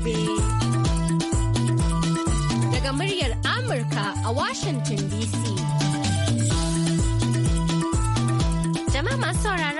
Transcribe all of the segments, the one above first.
gobe. Daga muryar Amurka a Washington DC. Jama'a masu sauraron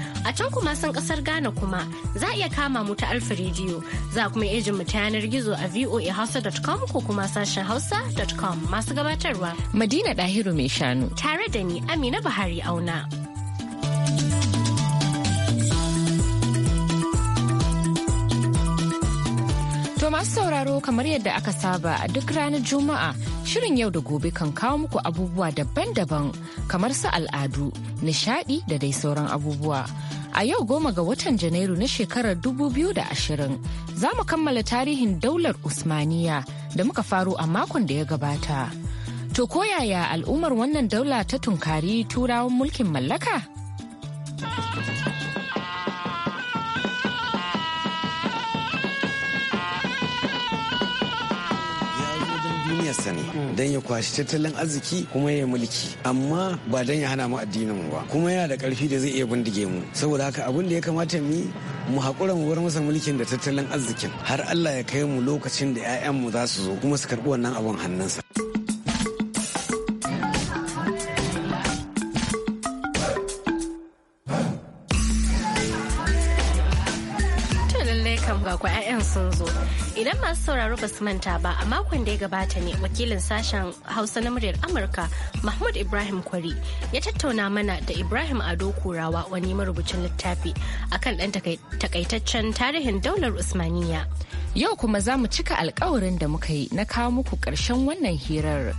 A can kuma sun kasar Ghana kuma za a iya kama mu ta Alfa Radio za kuma ejin mu ta yanar gizo a voahausa.com ko kuma sashen hausa.com masu gabatarwa. Madina Dahiru mai shanu. Tare da ni Amina Buhari auna. Masu sauraro kamar yadda aka saba a duk ranar Juma'a shirin yau da gobe kan kawo muku abubuwa daban-daban kamar su al'adu, nishadi da dai sauran abubuwa. A yau goma ga watan Janairu na shekarar 2020 za mu kammala tarihin daular Usmaniya da muka faro a makon da ya gabata. To koyaya al'ummar wannan daula ta tunkari turawan mulkin mallaka? Mm. don ya kwashi tattalin arziki kuma ya mulki amma ba don ya hana mu addinin mu ba kuma yana da karfi da zai iya bindige mu saboda haka abin da ya kamata mu mu haƙura mu bar masa mulkin da tattalin arzikin har Allah ya kai mu lokacin da 'ya'yan mu za su zo kuma su karɓi wannan abin hannunsa. sun zo. Idan masu sauraro ba su manta ba a makon da ya gabata ne wakilin sashen Hausa na muryar Amurka Mahmud Ibrahim Kwari ya tattauna mana da Ibrahim Ado Kurawa wani marubucin littafi akan dan takaitaccen tarihin daular Usmaniya. Yau kuma za mu cika alkawarin da muka yi na kawo muku ƙarshen wannan hirar.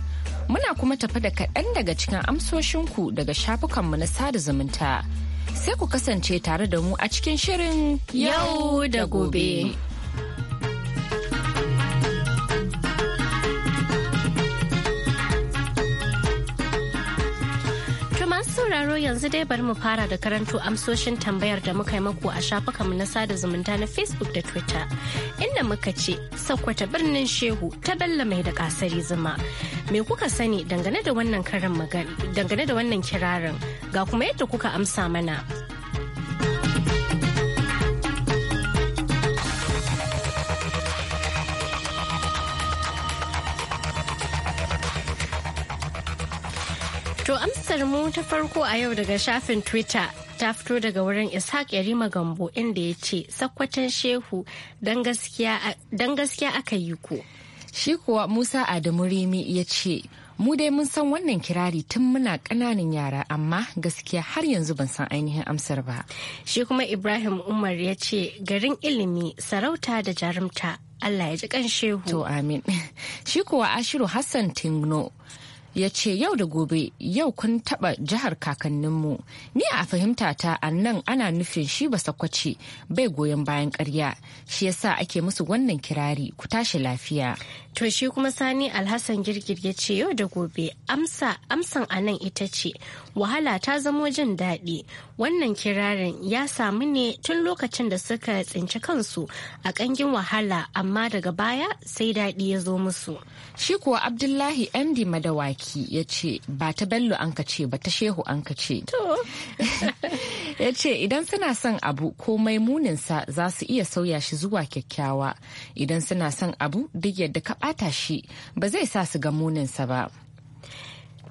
Muna kuma tafi da kaɗan daga cikin amsoshinku daga shafukanmu na sada zumunta. Sai ku kasance tare da mu a cikin shirin yau da gobe. sauraro yanzu dai bari mu fara da karanto amsoshin tambayar da muka yi maku a shafukanmu na sada zumunta na facebook da twitter inda muka ce sakwata birnin shehu ta bello mai da kasari zuma me kuka sani dangane da wannan karin magana dangane da wannan kirarin ga kuma yadda kuka amsa mana Amsar mu ta farko a yau daga shafin Twitter ta fito daga wurin Ishaq Yarima Gambo inda ya ce sakwatan shehu don gaskiya aka yi ku. Shi kuwa Musa Adamu remi ya ce mu dai mun san wannan kirari tun muna ƙananan yara amma gaskiya har yanzu ban san ainihin amsar ba. Shi kuma Ibrahim Umar ya ce garin ilimi sarauta da jarumta Allah ya ji kan shehu. To amin. Shi kuwa Ashiru Hassan Tingno ya ce yau da gobe yau kun taɓa jihar kakanninmu ni a fahimta ta a nan ana nufin shi ba sakwace bai goyon bayan karya shi yasa ake musu wannan kirari ku tashi lafiya to shi kuma sani alhassan girgir ya ce yau da gobe amsa amsan a nan ita ce wahala ta zamo jin daɗi Wannan kirarin ya samu ne tun lokacin da suka tsinci kansu a ƙangin wahala amma daga baya sai daɗi ya zo musu. Shi kuwa Abdullahi Andy Madawaki ya ce ba ta bello an ce ba ta shehu an ce. ya ce idan suna son abu komai muninsa za su iya sauya shi zuwa kyakkyawa. Idan suna son abu duk yadda ka bata shi ba zai sa su ga muninsa ba.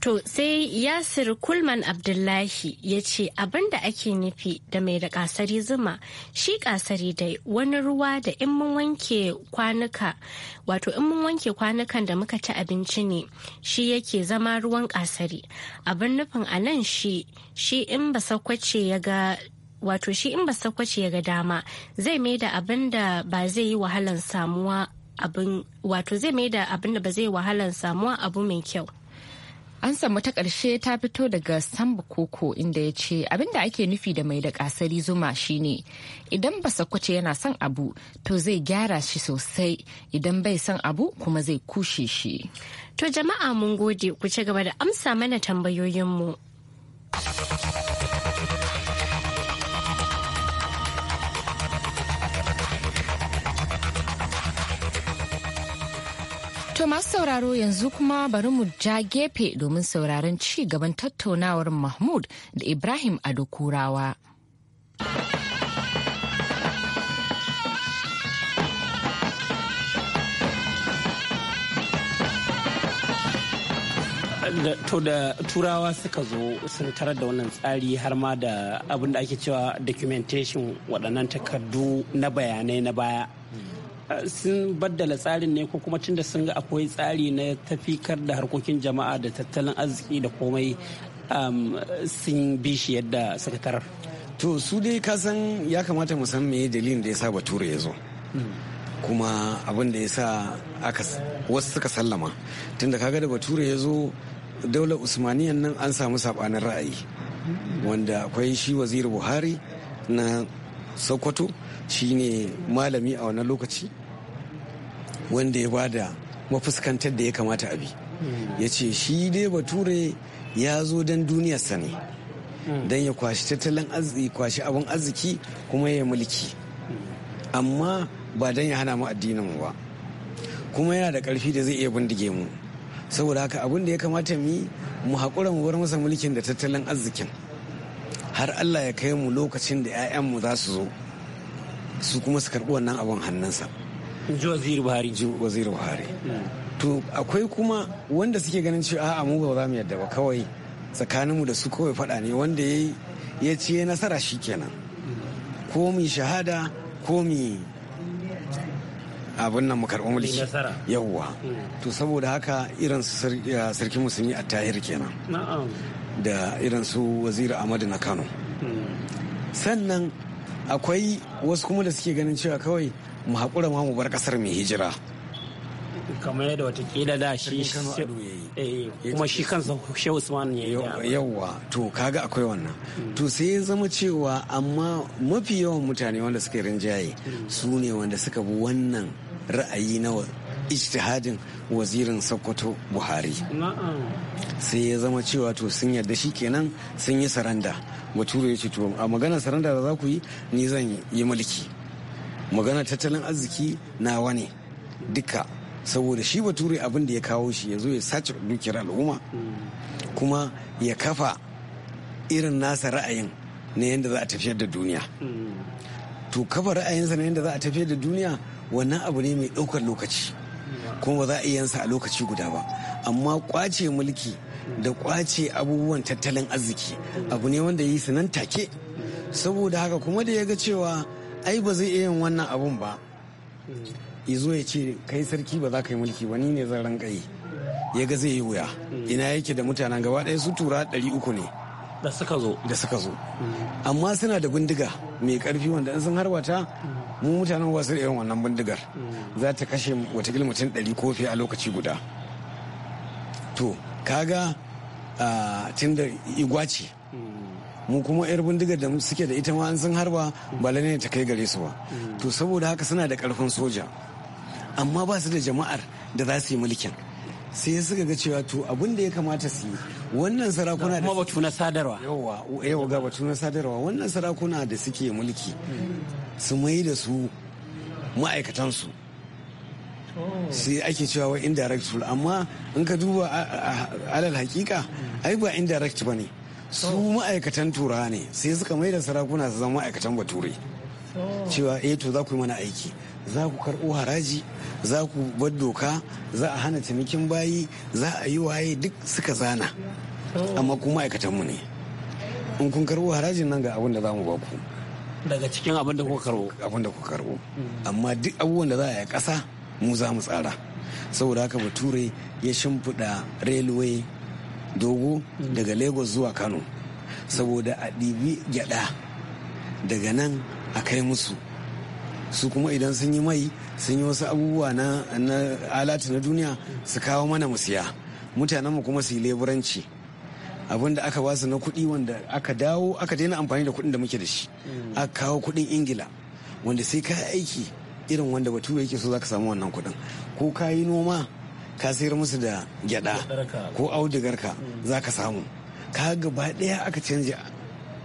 To sai Yasir Kulman Abdullahi ya ce abin da ake nufi da mai da kasari zuma shi kasari dai wani ruwa da in mun wanke kwanuka wato in mun wanke kwanukan da muka ci abinci ne shi yake zama ruwan kasari abin nufin a nan shi shi in ba sakwace ya ga wato shi in ba sakwace ya ga dama zai mai da abin da ba zai yi wahalan samuwa abin wato zai mai da abin da ba zai wahalan samuwa abu mai kyau. an samu ta ƙarshe ta fito daga samba koko inda ya ce abinda ake nufi da mai da ƙasari zuma shine idan ba sakwace yana son abu to zai gyara shi sosai idan bai son abu kuma zai kushe shi to jama'a mun gode ku ci gaba da amsa mana tambayoyinmu To masu sauraro yanzu kuma bari mu ja gefe domin sauraron ci gaban tattaunawar Mahmud da Ibrahim Ado Kurawa. to da turawa suka zo sun tarar da wannan tsari har ma da abin da ake cewa documentation waɗannan takardu na bayanai na baya sun baddala tsarin ne ko kuma cin da sun ga akwai tsari na tafikar da harkokin jama'a da tattalin arziki da komai um, sun bi shi yadda suka To su dai kasan ya kamata mu san meye dalilin da ya sa bature ya zo. Kuma abin da ya sa wasu suka sallama. Tunda kaga da bature ya zo daular Usmaniyan nan an samu sabanin ra'ayi. Wanda akwai shi waziri Buhari na Sokoto shi ne malami a wannan lokaci. wanda ya ba da mafuskantar da ya kamata abi hmm. ya ce shi dai ba bature ya zo don duniyarsa ne hmm. don ya kwashi tattalin arziki kwashi abin arziki kuma ya mulki hmm. amma ba don ya hana mu addinin mu ba kuma yana da karfi da zai iya bindige mu saboda haka abin da ya kamata mu mu haƙura mu bar masa mulkin da tattalin arzikin har Allah ya kai mu lokacin da 'ya'yanmu za su zo su kuma su karɓi wannan abin hannunsa. in ji waziri buhari ji waziri buhari hmm. to akwai kuma wanda suke ganin cewa a mu ba za mu yadda ba kawai tsakaninmu da su kawai faɗa ne wanda ya ci nasara shi kenan hmm. ko mu shahada ko mu abin nan mu karɓi mulki yawwa hmm. to saboda haka irin su sarki musulmi a tahir kenan da irin su waziri amadu na kano sannan akwai wasu kuma da suke ganin cewa kawai mu haƙura ma mu bar ƙasar mai hijira kamar yadda watakila da shi eh, kuma shi kansa shehu usman ya yi yawa to kaga akwai wannan to sai ya zama cewa amma mafi yawan mutane wanda suka rinjaye hmm. su ne wanda suka bi wannan ra'ayi na ijtihadin wazirin sokoto buhari sai ya zama cewa to sun yarda shi kenan sun yi saranda bature ya ce to a magana saranda da za ku yi ni zan yi mulki magana tattalin arziki nawa ne duka saboda shi bature abin da ya kawo shi ya zo ya sace dukiyar al'umma mm. kuma ya kafa irin nasa ra'ayin na yadda za a tafiyar da duniya mm. to kafa ra'ayinsa na yadda za a tafiyar da duniya wannan abu ne mai ɗaukar lokaci kuma ba za a iya yansa a lokaci guda ba amma kwace mulki da kwace abubuwan tattalin arziki abu ne wanda yi nan take saboda haka kuma da ya ga cewa ai ba zai iya yin wannan abun ba ya zo ya ce kai sarki ba za ka yi mulki ba ne zan ranka yi ya ga zai yi wuya ina yake da mutanen gaba ɗaya su tura ɗari uku ne da suka zo da suka zo amma suna da bindiga mai ƙarfi wanda in sun harbata mu mutanen wasu irin wannan bindigar mm. za ta kashe watakila mutum ɗari kofi a lokaci guda to kaga tun da igwa mm. mu kuma yar bindigar da suke da ita ma an sun harba ba ne ta kai gare su ba mm. to saboda haka suna da karfin soja amma ba su da jama'ar da za su yi mulkin sai suka ga cewa to abin da ya kamata su yi wannan sarakuna da batu na sadarwa yawa yawa ga batu na sadarwa wannan sarakuna da suke mulki su mai da su ma'aikatansu sai ake cewa wa indirect rule amma in ka duba alal hakika ai ba indirect ba ne su ma'aikatan tura ne sai suka mai da sarakuna su zama ma'aikatan bature cewa eh to za ku yi mana aiki za ku karɓo haraji za ku bar doka za a hana cinikin bayi za a yi waye duk suka zana amma kuma ma'aikatanmu ne in kun karɓo harajin nan ga abin da za mu ba ku daga cikin abin da kuka karɓo abin da kuka karɓo mm. amma duk abubuwan da za a yi ƙasa mu za mu tsara saboda haka bature ya shimfiɗa railway dogo mm. daga lagos zuwa kano saboda a ɗibi gyaɗa daga nan a kai musu su kuma idan sun yi mai sun yi wasu abubuwa na alati na duniya su kawo mana mu siya mutanenmu kuma su yi leburanci abinda da aka su na kuɗi wanda aka dawo aka daina amfani da kuɗin da muke da shi mm. aka kawo kuɗin ingila wanda sai ka aiki irin wanda batu yake so za samu wannan kuɗin ko ka yi noma ka sayar musu da gyada ko audigarka mm. za ka samu ka gaba ɗaya aka canja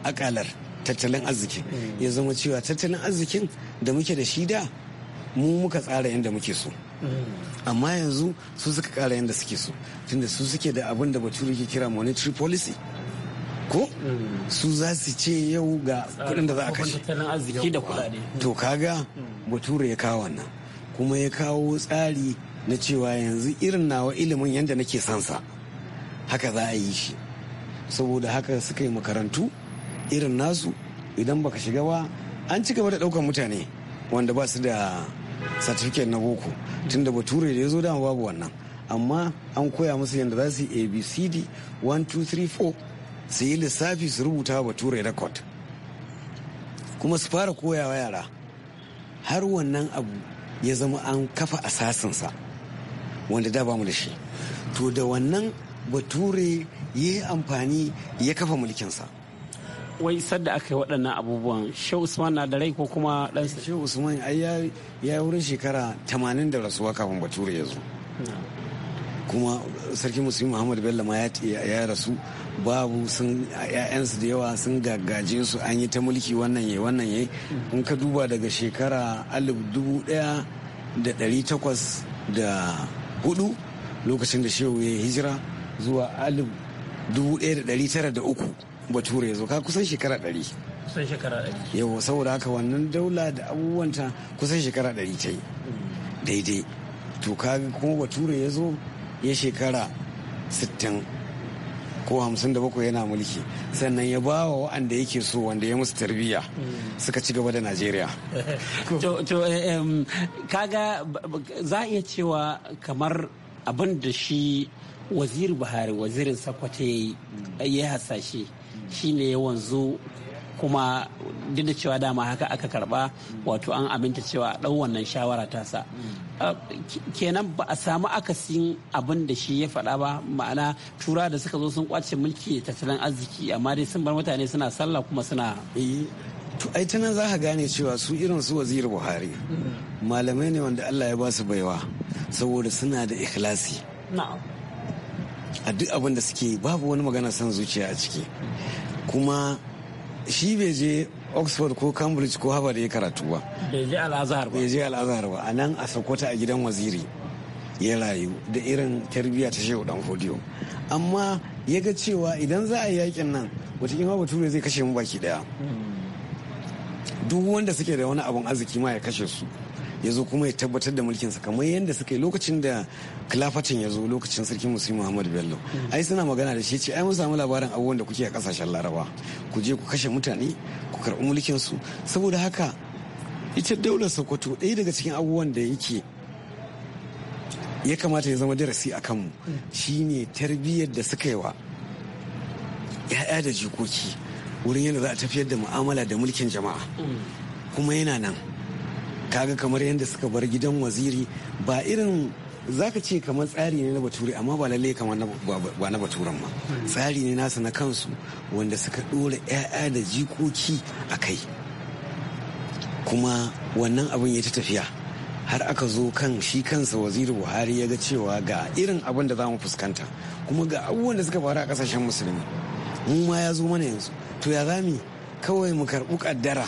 akalar tattalin arziki ya zama cewa tattalin arzikin da muke da shi da mu muka tsara yadda muke so amma yanzu su suka kara yadda suke so tunda su suke da abin da bature ke kira monetary policy ko su za su ce yau ga kudin da za a kashe to kaga bature ya kawo wannan kuma ya kawo tsari na cewa yanzu irin nawa ilimin yadda nake sansa haka za a yi shi saboda haka suka yi makarantu irin nasu idan baka shiga ba an ci gaba da ɗaukar mutane wanda ba su da certificate na boko tunda bature da ya zo dama babu wannan amma an koya musu yadda za su yi abcd 1234 su yi lissafi su rubuta bature record kuma su fara koyawa yara har wannan abu ya zama an kafa asasinsa wanda da bamu da shi to da wannan bature ya yi amfani ya kafa mulkinsa wai sadda aka yi waɗannan abubuwan shehu usman na da rai ko kuma ɗansa shehu usman ai ya yi wurin shekara tamanin da rasuwa kafin bature ya zo kuma sarki musulmi muhammad bello ma ya rasu babu sun ƴaƴansu da yawa sun gaggaje su an yi ta mulki wannan ya wannan ya in ka duba daga shekara alif dubu da ɗari takwas da hudu lokacin da shehu ya hijira zuwa alif dubu ɗaya da ɗari tara da uku bature ya ka kusan shekara ɗari kusan shekara ɗari yau saboda haka wannan daula da abubuwanta kusan shekara ɗari ta yi mm. daidai to ka kuma bature ya zo ya shekara sittin ko hamsin da bakwai yana mulki sannan ya ba wa wa'anda yake so wanda ya musu tarbiyya mm. suka ci gaba da najeriya to eh, kaga za a iya cewa kamar abin da shi waziri buhari wazirin sakwate mm. ya yi hasashe mm. shine yawan zo kuma duk da cewa dama haka aka karba mm. wato an aminta cewa ɗau wannan shawara tasa uh, kenan ba a samu akasin abin da shi ya faɗa ba ma'ana tura da suka zo sun kwace mulki tattalin arziki amma dai sun bar mutane suna sallah kuma suna eh, to ai ta za ka gane cewa su irin su waziri buhari malamai ne wanda allah ya ba su baiwa saboda suna da ikhlasi a duk abin da suke babu wani magana son zuciya a ciki kuma shi bai je oxford ko cambridge ko harvard ya karatu ba bai je al'azhar ba a nan a sokota a gidan waziri ya rayu da irin tarbiyya ta shehu dan fodiyo amma ya ga cewa idan za a yi yakin nan wataƙila ture zai kashe mu baki daya hmm. duk wanda suke da wani abin arziki ma ya kashe su ya zo kuma ya tabbatar da mulkinsa kamar yadda suka yi lokacin da kilafatin ya zo lokacin sarkin musulmi muhammadu bello ai suna magana da shi ce ai mun samu labarin abubuwan da kuke a kasashen laraba ku je ku kashe mutane ku karɓi su saboda haka ita daular sokoto ɗaya daga cikin abubuwan da yake ya kamata ya zama darasi a kanmu shine tarbiyyar da suka yi wa 'ya'ya da jikoki wurin yadda za a tafiyar da mu'amala da mulkin jama'a kuma yana nan kaga kamar yadda suka bar gidan waziri ba irin zaka ce kamar tsari ne na bature amma ba lalle kamar ba na baturen ma tsari ne nasu na kansu wanda suka dora 'ya'ya da jikoki a kai kuma wannan abin ya ta tafiya har aka zo kan shi kansa waziri buhari ya ga cewa ga irin abin da za mu fuskanta kuma ga abubuwan da suka faru a kasashen musulmi mu ma ya zo mana yanzu to ya zami kawai mu karɓi ƙaddara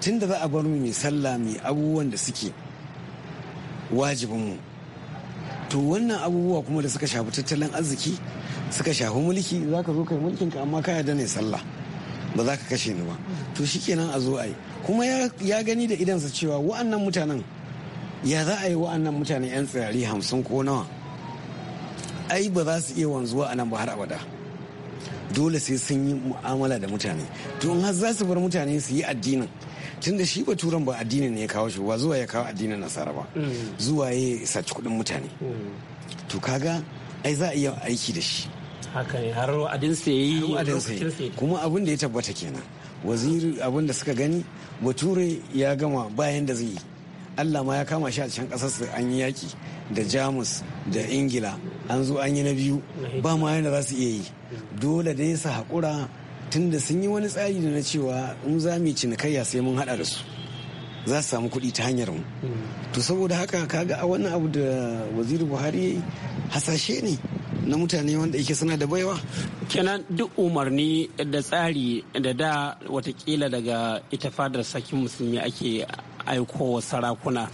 tun da za a bar mu mai sallah mai abubuwan da suke mu to wannan abubuwa kuma da suka shafi tattalin arziki suka shafi mulki za ka zo kai mulkin ka amma ka yarda ne sallah ba za ka kashe ni ba to shikenan a zo a yi kuma ya gani da idansa cewa wa'annan mutanen ya za a yi wa'annan mutane 'yan tsirari hamsin ko nawa ai ba za su iya wanzuwa a nan ba har abada dole sai sun yi mu'amala da mutane to in har za su bar mutane su yi addinin tunda shi ba ba addini ne ya kawo shi ba zuwa ya kawo addinin nasara ba mm. zuwa ya saci kuɗin mutane mm. to kaga ai za a iya aiki da shi haka ne har adin sai yi kuma abin da ya tabbata kenan waziri abin da suka gani bature ya gama bayan da zai yi allah ma ya kama shi a can kasarsa an yi yaki da jamus da ingila an zo an yi na biyu ba ma yadda za su iya yi mm. dole dai su haƙura tunda sun yi wani tsari da na cewa in za mu cinikayya sai mun hada da su za su samu kuɗi ta hanyar mu to saboda haka kaga a wannan abu da waziri buhari hasashe ne na mutane wanda yake suna da baiwa kenan duk umarni da tsari da da watakila daga ita fadar sakin musulmi ake aikowa sarakuna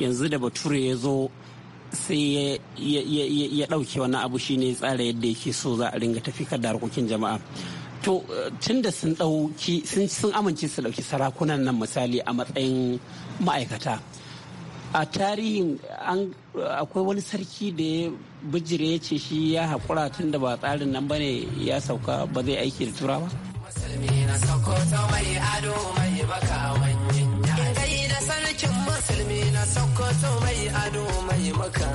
yanzu da bature ya zo sai ya ɗauke wani abu shine tsara yadda yake so za a ringa tafi da harkokin jama'a to tun da sun ɗauki sun amince su ɗauki sarakunan nan misali a matsayin ma'aikata a tarihin akwai wani sarki da ya bijire ya ce shi ya haƙura tun da ba tsarin nan ba ya sauka ba zai aiki da tura ba musulmi na sokoto mai ado mai da sarkin musulmi na sokoto mai ado mai baka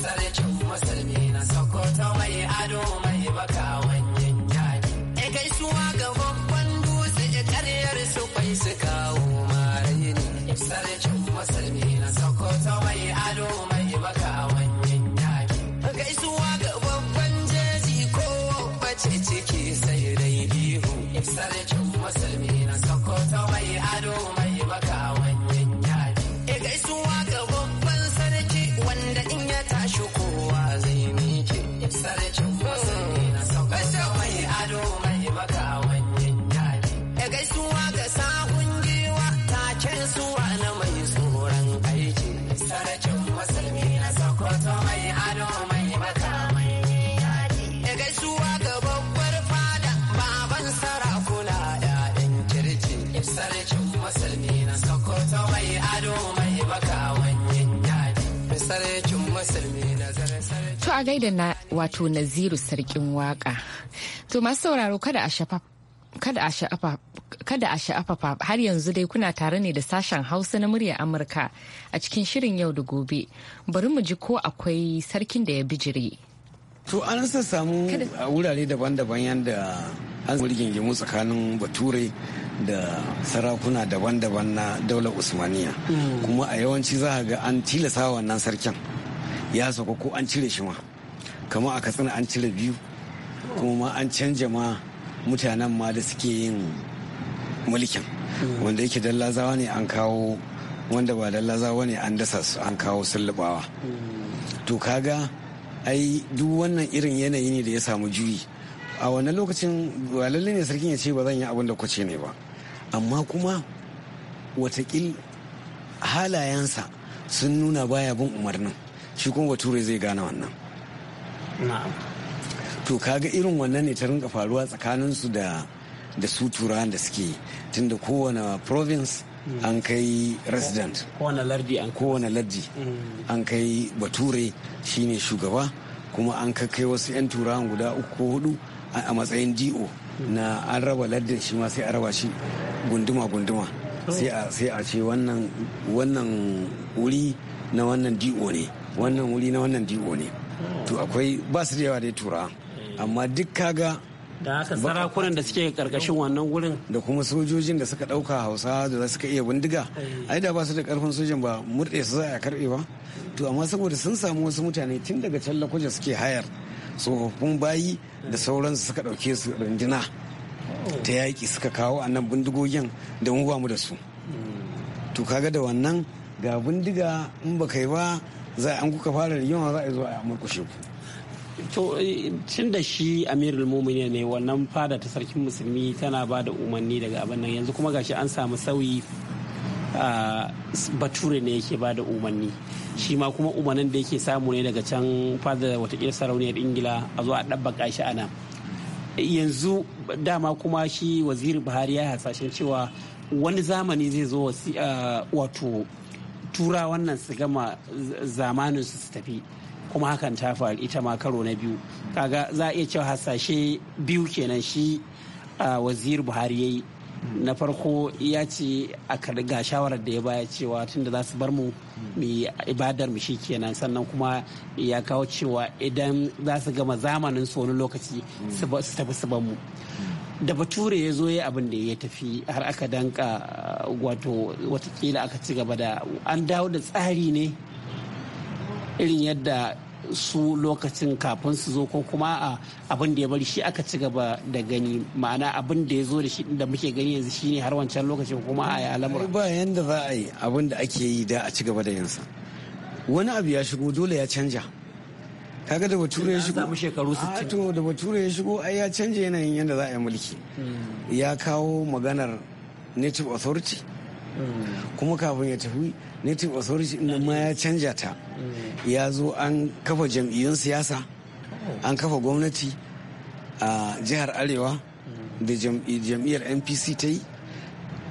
sarkin musulmi na sokoto ado mai se cae. To a gaida na wato Naziru sarkin waka. To masu sauraro kada a shafa kada a sha'afa kada har yanzu dai kuna tare ne da sashen hausa na murya amurka a cikin shirin yau da gobe bari mu ji ko akwai sarkin da ya bijire to an samu a wurare daban-daban yadda an rigingimu tsakanin bature da sarakuna daban-daban na daular usmaniya hmm. kuma a yawanci za ga an tilasa wannan sarkin ya sauka ko an cire shi ma kamar a katsina an cire biyu kuma ma an canja ma mutanen ma da suke yin mulkin hmm. wanda yake dallazawa ne an kawo wanda ba dallazawa ne an dasa su an kawo sullubawa hmm. to kaga ai duk wannan irin yanayi ne da ya samu juyi a wannan lokacin ba lalle ne sarkin ya ce ba zan yi abin da kwace ne ba amma kuma watakil halayensa sun nuna baya bin umarnin shi kuma bature zai gane wannan to kaga irin wannan ne ta rinka faruwa tsakaninsu da da su turan da suke tunda kowane province mm. an kai resident kowane lardi an mm. an kai bature shine shugaba kuma an kai wasu 'yan turawan guda uku ko hudu a matsayin do mm. na an raba lardin shi ma sai a raba shi gunduma-gunduma oh. sai a ce wannan wuri na wannan do ne wannan wuri na wannan digo ne oh. to akwai ba su da yawa dai tura eh. amma duk kaga da haka sarakunan da suke karkashin wannan wurin da kuma sojojin da suka dauka hausa da suka iya bindiga eh. ai da ba su da karfin sojan ba murɗe su za a karbe ba to amma saboda sun samu wasu mutane tun daga can lakwaje suke hayar tsofaffin bayi da sauransu suka dauke su rundina oh. ta yaki suka kawo a nan bindigogin da mu ba mu da su hmm. to kaga da wannan ga bindiga in ba kai ba za an kuka fara rigima za a zo a murkushe ku to eh, tun da shi amirul mumini ne wannan fada ta sarkin musulmi tana ba da umarni daga abin nan yanzu kuma gashi an samu sauyi a bature ne yake ba da umarni shi ma kuma umarnin da yake samu ne daga can fada watakila sarauniyar ingila a zo a ɗabbaka shi a nan yanzu dama kuma shi waziri buhari ya hasashen cewa wani zamani zai zo wato tura wannan su gama zamanin su su tafi kuma hakan ta faru ita ma karo na biyu kaga za a iya cewa hasashe biyu kenan shi a wazir buhari ya yi na farko ya ce a ga shawarar da ya baya cewa tunda za su bar mu mu ibadar mu shi kenan sannan kuma ya kawo cewa idan za su gama zamanin su wani lokaci su tafi su mu da bature ya zo ya abin da ya tafi har aka danka wato watakila aka ci gaba da an dawo da tsari ne irin yadda su lokacin kafin su zo ko kuma a abin da ya bari shi aka ci gaba da gani ma'ana abin da ya zo da shi da muke gani yanzu shine har wancan lokacin kuma a yi al'amura ba yanda za a yi abin da ake yi da a ci gaba da yansa wani abu ya shigo dole ya canja kaga da bature ya shigo samu shekaru 60 ah, to da bature ya shigo ai ya canja yanayin yanda za a yi mulki hmm. ya kawo maganar native authority mm. kuma kafin ya tafi native authority nan ma ya canja ta mm. ya zo an kafa jam'iyyun siyasa oh. an kafa gwamnati a jihar arewa mm. da jam'iyyar npc ta yi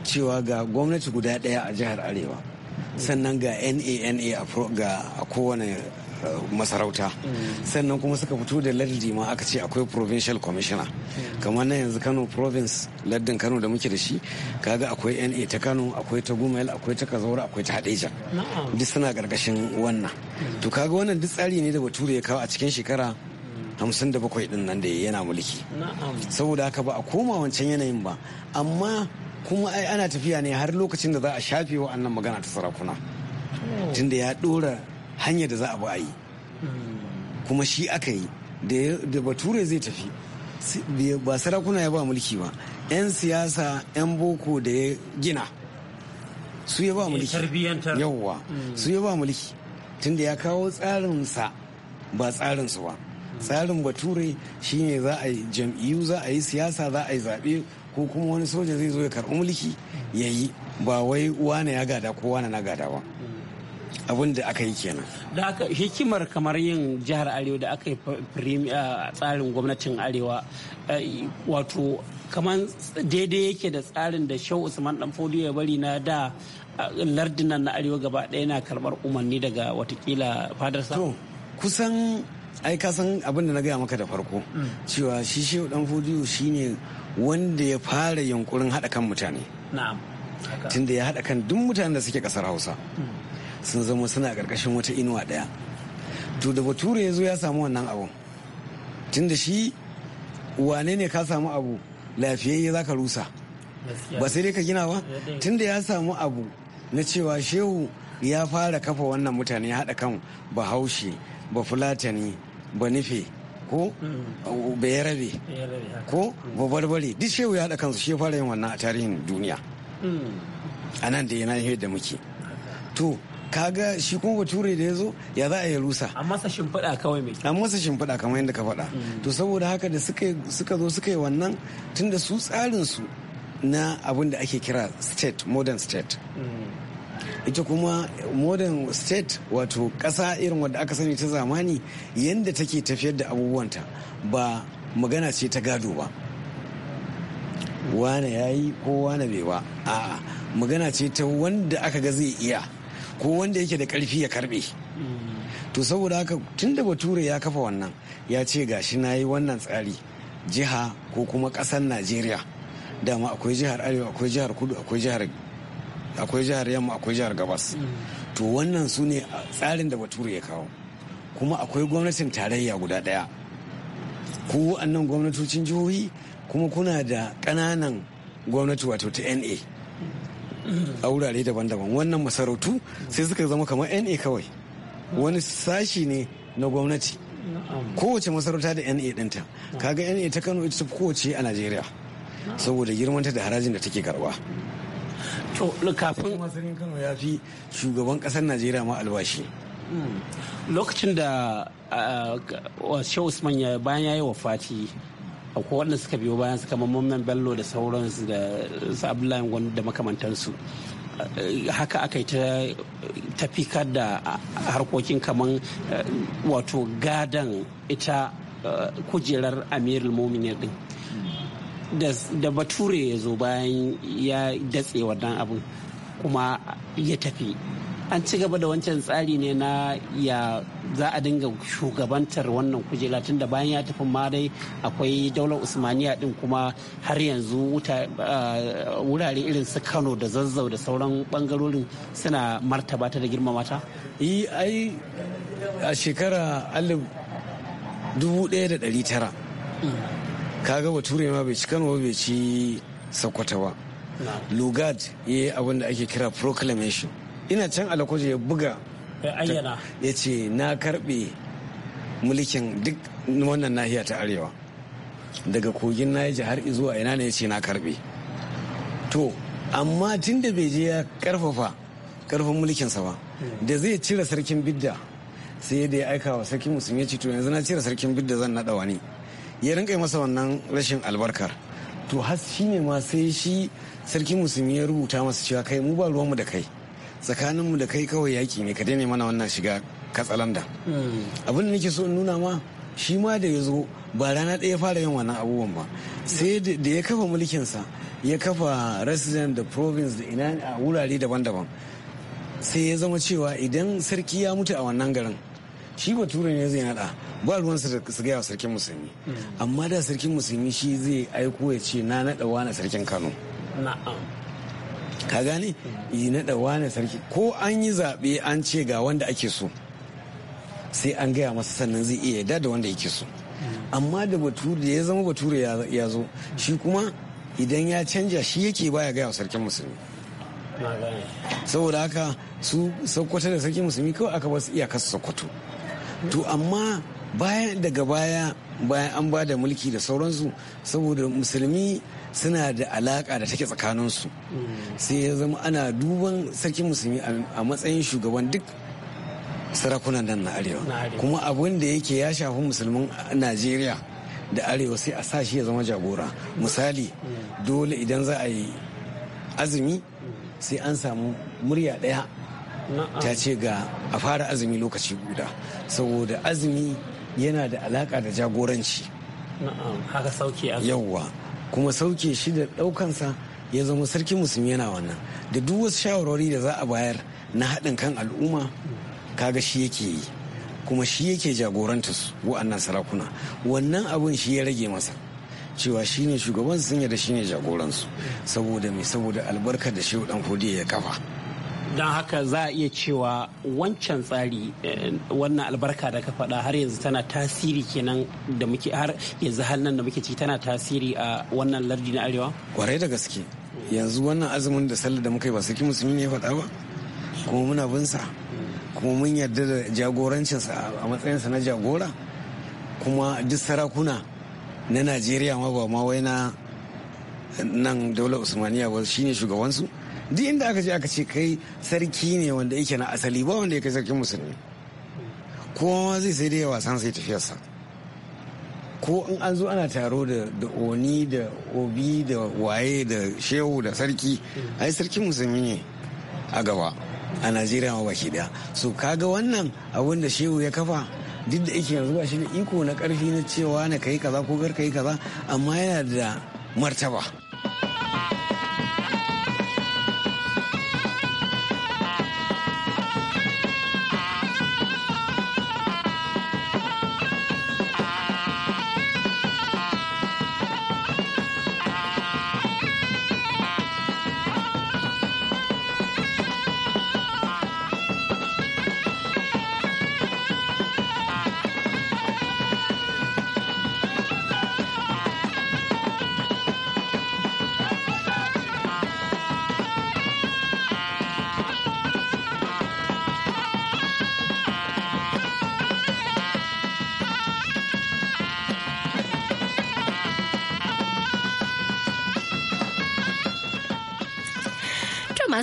cewa ga gwamnati guda daya a jihar arewa sannan ga nana ga a kowane masarauta sannan kuma suka fito da lardi ma aka ce akwai provincial commissioner kamar na yanzu kano province lardin kano da muke da shi kaga akwai na ta kano akwai ta gumel akwai ta kazaura akwai ta hadeja duk suna gargashin wannan to kaga wannan duk tsari ne da bature ya kawo a cikin shekara hamsin da bakwai din nan da yana mulki saboda haka ba a koma wancan yanayin ba amma kuma ai ana tafiya ne har lokacin da za a shafe wa'annan magana ta sarakuna oh. tunda ya dora hanyar da za a bi a yi kuma shi aka yi da bature zai tafi ba sarakuna ya ba mulki ba 'yan siyasa 'yan boko da ya gina su ya ba mulki yawwa mm. su ya ba mulki tunda ya kawo tsarinsa ba tsarinsu ba mm. tsarin bature shi ne za a yi jam'iyyu za a yi siyasa za a yi zaɓe ko kuma wani soja zai zo ya karɓi mulki mm. ya yi ba wai wane ya gada ko wane na gada ba abin da aka yi kenan da aka hikimar kamar yin jihar arewa da aka yi tsarin gwamnatin arewa wato kamar daidai yake da tsarin da shau usman dan ya bari na da lardunan na arewa gaba ɗaya na karɓar umarni daga watakila fadarsa to kusan ai ka san abin da na gaya maka da farko mm. cewa shi shehu dan shine wanda ya fara yunkurin haɗa kan mutane na'am tunda ya haɗa kan duk mutanen da suke ƙasar hausa mm. sun zama suna karkashin wata inuwa ɗaya to da bature ya zo ya samu wannan abu, tun da shi wane ne ka samu abu lafiyayye za ka rusa ba sai dai ka gina ba tun da ya samu abu na cewa shehu ya fara kafa wannan mutane ya haɗa kan bahaushe ba fulatani ba nufe ko mm. bayarabe ko ba barbare duk shehu ya haɗa kansu shi fara yin wannan a tarihin duniya mm. a nan da yana da muke to kaga shi kuma bature da ya zo ya za a yi rusa an masa shimfiɗa kawai mai an masa shimfiɗa kamar yadda ka faɗa mm. to saboda haka da suka zo suka yi wannan tun da su tsarin su na abin da ake kira state modern state mm. ita kuma modern state wato ƙasa irin wadda aka sani ta zamani yadda take tafiyar da abubuwanta ba magana ce ta gado ba wane ya yi ko wane bai ba a'a magana ce ta wanda aka ga zai iya ko wanda yake da karfi ya karbe to saboda haka tunda bature ya kafa wannan ya ce gashi na yi wannan tsari jiha ko kuma ƙasar najeriya dama akwai jihar arewa akwai jihar kudu akwai jihar yamma akwai jihar gabas mm. to wannan su ne tsarin da bature ya kawo kuma akwai gwamnatin tarayya guda ɗaya ku annan gwamnatocin jihohi kuma kuna da ƙananan gwamnati wato ta na a wurare daban-daban wannan masarautu sai suka zama kamar na kawai wani sashi ne na gwamnati kowace masarauta da na ɗinta kaga na ta kano ita kowace a najeriya saboda girmanta da harajin da take karba to kafin masarin kano ya fi shugaban kasar najeriya ma albashi hmm. lokacin da ah, shehu usman bayan ya yi wa fati akwai wanda suka biyo bayan su mamman bello da sauransu da su abdullahi da makamantansu haka aka yi ta fikar da harkokin kaman eh, wato gadan ita eh, kujerar amirul mominin din da bature ya zo bayan ya datse wannan abin kuma ya tafi an ci gaba da wancan tsari ne na ya za a dinga shugabantar wannan kujera tun da bayan ya tafi ma akwai daular usmaniya din kuma har yanzu uh, wurare irin su kano da zazzau da sauran bangarorin suna martaba ta da girmama ta yi ai a shekara alif dubu ɗaya da ɗari tara mm. kaga bature ma bai ci kano bai ci sakwatawa ba lugard ya eh, yi abin da ake kira proclamation ina can alakwaje ya buga ya ce na karbe mulkin duk wannan nahiya ta arewa daga kogin na naija har zuwa ina ne ya ce na karbe to amma tun da bai je ya karfafa karfin mulkinsa ba hmm. da zai cire sarkin bidda sai da ya aika wa sarkin musulmi ya ce to yanzu na cire sarkin bidda zan naɗa wani ya rinka masa wannan rashin albarkar to har shi ne ma sai shi sarkin musulmi ya rubuta masa cewa kai mu ba ruwanmu da kai tsakaninmu da kai kawai yaki ne ka daina mana wannan shiga katsalanda hmm. abin da nake so in nuna ma shi ma da ya zo ba rana ɗaya fara yin wannan abubuwan ba sai da ya kafa mulkinsa ya kafa resident da province da ina a wurare daban-daban sai ya zama cewa idan sarki ya mutu a wannan garin shi bature ne zai nada ba ruwan da su gaya wa sarkin musulmi hmm. amma da sarkin musulmi shi zai aiko ya ce na nada wani sarkin kano ka gane yi naɗa wane sarki ko an yi zaɓe an ce ga wanda ake so sai an gaya masa sannan zai iya yarda da wanda yake so amma da bature ya zama bature ya zo shi kuma idan ya canja shi yake baya gaya wa sarkin musulmi saboda haka su sokoto da sarkin musulmi kawai aka basu kasa sokoto to amma bayan daga baya bayan an ba da mulki da sauransu saboda musulmi suna da alaka da take tsakaninsu sai ya zama ana duban sarkin musulmi a matsayin shugaban duk sarakunan nan na arewa kuma abin da yake ya shafi musulmin najeriya da arewa sai a sa shi ya zama jagora misali dole idan za a yi azumi sai an samu murya ɗaya ta ce ga a fara azumi lokaci guda saboda azumi yana da alaka da jagoranci haka sauke azumi kuma sauke shi da ɗaukansa ya zama sarkin musulmi yana wannan da duk wasu shawarwari da za a bayar na haɗin kan al'umma kaga shi yake yi kuma shi yake jagoranta su wa'annan sarakuna wannan abin shi ya rage masa cewa shi ne shugaban sun da shi ne jagoransu saboda mai saboda albarkar da shehu dan hodiya ya kafa don haka za a iya cewa wancan tsari eh, wannan albarka da ka faɗa har yanzu tana tasiri kenan da muke har yanzu halin da muke ciki tana tasiri a wannan lardi na arewa kwarai da gaske yanzu wannan azumin da sallar da muka yi ba saki musulmi ne faɗa ba kuma muna bin sa kuma mun yarda da jagorancinsa a matsayin sa na jagora kuma duk sarakuna na najeriya ma ba ma wai na nan daular usmaniya ba shine shugabansu duk inda aka ce aka ce kai sarki ne wanda yake na asali ba wanda ya sarkin musulmi kowa zai sai dai wasan sai tafiyarsa ko in an zo ana taro da oni da obi da waye da shehu da sarki ai sarkin musulmi ne a gaba a najeriya ma baki daya so kaga wannan abin da shehu ya kafa duk da yake yanzu ba shi da iko na karfi na cewa na kai kaza ko gar kai kaza amma yana da martaba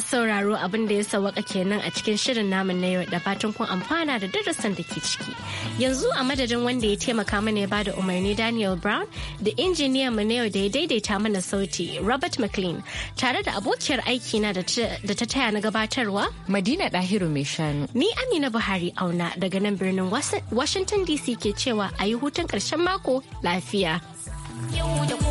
masu sauraro abin da ya sawaka kenan a cikin shirin namun na yau da fatan kun amfana da darasin da ke ciki. Yanzu a madadin wanda ya taimaka mana ya ba da umarni Daniel Brown da injiniyan mu na yau da ya daidaita mana sauti Robert McLean tare da abokiyar aiki na da ta taya na gabatarwa. Madina Dahiru mai shanu. Ni Amina Buhari auna daga nan birnin Washington DC ke cewa a yi hutun ƙarshen mako lafiya. Yau da